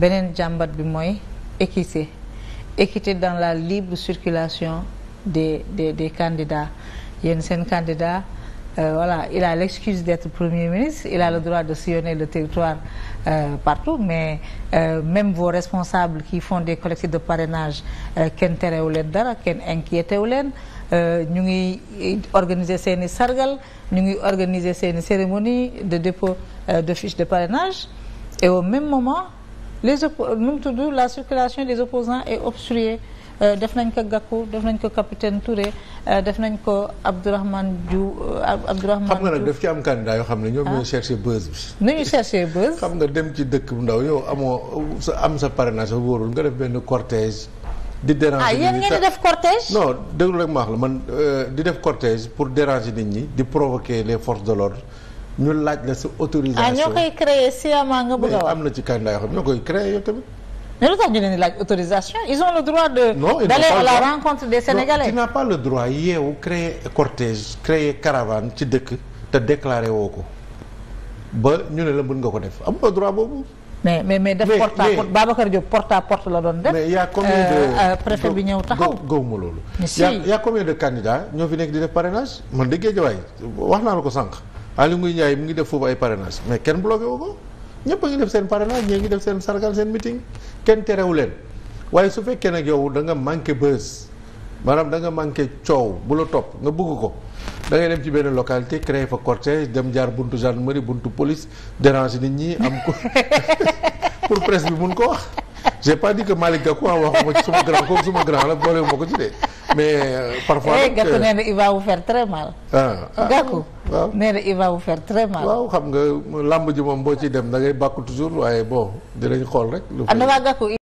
beneen jàmbat bi mooy équité équité dans la libre circulation des des des candidats yéen seen candidat euh, voilà il a l'excuse d'être premier ministre il a le droit de sillonner le territoire euh, partout mais euh, même vos responsables qui font des collectifs de parrainage euh, kenn terewu leen dara kenn inquiété wu leen euh, ñu ngi organiser seen i sargal ñu ngi organiser seen i cérémonie de dépôt euh, de fiche de parrainage et au même moment les nu mu tudd la circulation des opposants est obstruée euh, def nañ ko Gakou def nañ ko capitaine Touré euh, def nañ ko Abdourahmane Diouf euh, Abdourahmane xam nga nag def ci am candidat yoo xam ne ñoom ñoo ah. cherché buzz bi. nañu cherché buzz. xam nga dem ci dëkk bu ndaw yow amoo sa am sa parrainage wóorul nga def benn cortège. di déranger ah yéen ngeen di def cortège. non déglu rek ma wax la man di def cortège pour déranger nit ñi di provoquer les forces de l'ordre ñu laaj la sa autorisation. ah ñoo koy créé sciemment nga am na ci candidat yoo xam ñoo koy tamit. mais lu tax ñu leen di laaj autorisation ils ont le droit de. non d'aller à la rencontre des Sénégalais. non tu le droit yeewu créer cortège créer caravane ci dëkk te déclaré woo ko ba ñu ne la mën nga ko def am nga droit boobu. mais mais mais def porte à porte la doon def. mais y' a de euh, euh, préfet bi ñëw taxaw gaw ma loolu. y' a de candidats ñoo fi nekk di def parrainage man déggee jawaay wax naa la ko sànq. Aly Ngouille Ndiaye mu ngi def foofu ay parrainage mais kenn bloqué wu ko ñëpp a ngi def seen parrainage ñii ngi def seen sargal seen meeting kenn terewu leen waaye su fekkee nag yow da nga manqué buzz maanaam da nga manqué coow bu la topp nga bëgg ko da ngay dem ci benn localité créer fa cortège dem jaar buntu gendarmerie buntu police déranger nit ñi am ko pour presse bi mun ko wax j'ai pas dit que Malick Gakou waxuma ci suma grand grand la boolewuma ko ci dee mais euh, parfois. eh Gakou nee na il va vous très mal. ah waaw nee na il va vous faire très mal. waaw xam nga làmb ji moom boo ciy dem da ngay bàkku toujours waaye bon dinañ xool rek. lu fay ah,